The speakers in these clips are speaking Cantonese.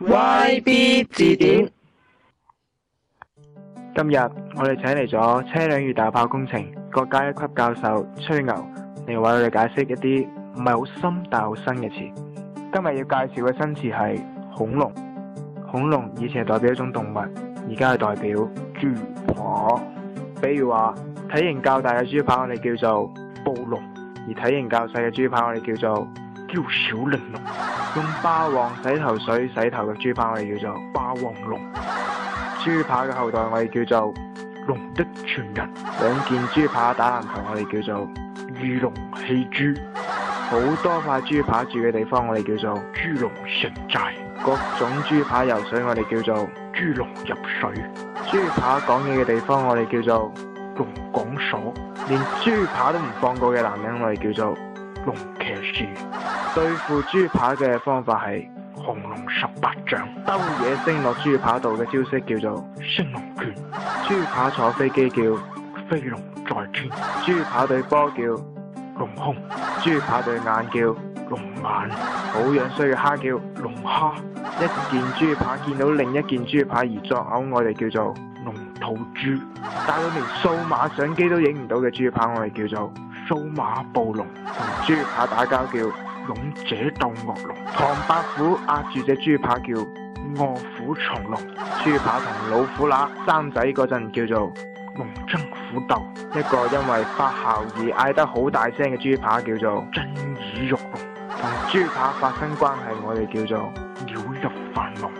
YB 字典。今日我哋請嚟咗車輛與大炮工程國家一級教授吹牛嚟為我哋解釋一啲唔係好深但好新嘅詞。今日要介紹嘅新詞係恐龍。恐龍以前係代表一種動物，而家係代表豬婆。比如話體型較大嘅豬扒，我哋叫做暴龍。而體型較細嘅豬扒，我哋叫做嬌小玲瓏；用霸王洗頭水洗頭嘅豬扒，我哋叫做霸王龍；豬扒嘅後代，我哋叫做龍的傳人；兩件豬扒打籃球，我哋叫做御龍戲珠；好多塊豬扒住嘅地方，我哋叫做豬龍神寨；各種豬扒游水，我哋叫做豬龍入水；豬扒講嘢嘅地方，我哋叫做龍港。所連豬扒都唔放過嘅男人，我哋叫做龍騎士。對付豬扒嘅方法係紅龍十八掌。兜野升落豬扒度嘅招式叫做升龍拳。豬扒坐飛機叫飛龍在天。豬扒對波叫龍胸。豬扒對眼叫龍眼。好樣衰嘅蝦叫龍蝦。一件豬扒見到另一件豬扒而作嘔，我哋叫做龍。龍土豬，但佢連數碼相機都影唔到嘅豬扒，我哋叫做數碼暴龍。同豬扒打交叫勇者鬥惡龍。唐伯虎壓住隻豬扒叫臥虎藏龍。豬扒同老虎乸生仔嗰陣叫做龍爭虎鬥。一個因為發姣而嗌得好大聲嘅豬扒叫做震耳欲聾。同豬扒發生關係，我哋叫做鳥入飯龍。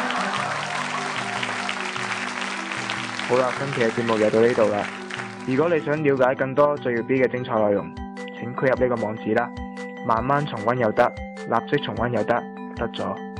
好啦，今期嘅節目就到呢度啦。如果你想了解更多最耀 B 嘅精彩內容，請輸入呢個網址啦。慢慢重溫又得，立即重溫又得，得咗。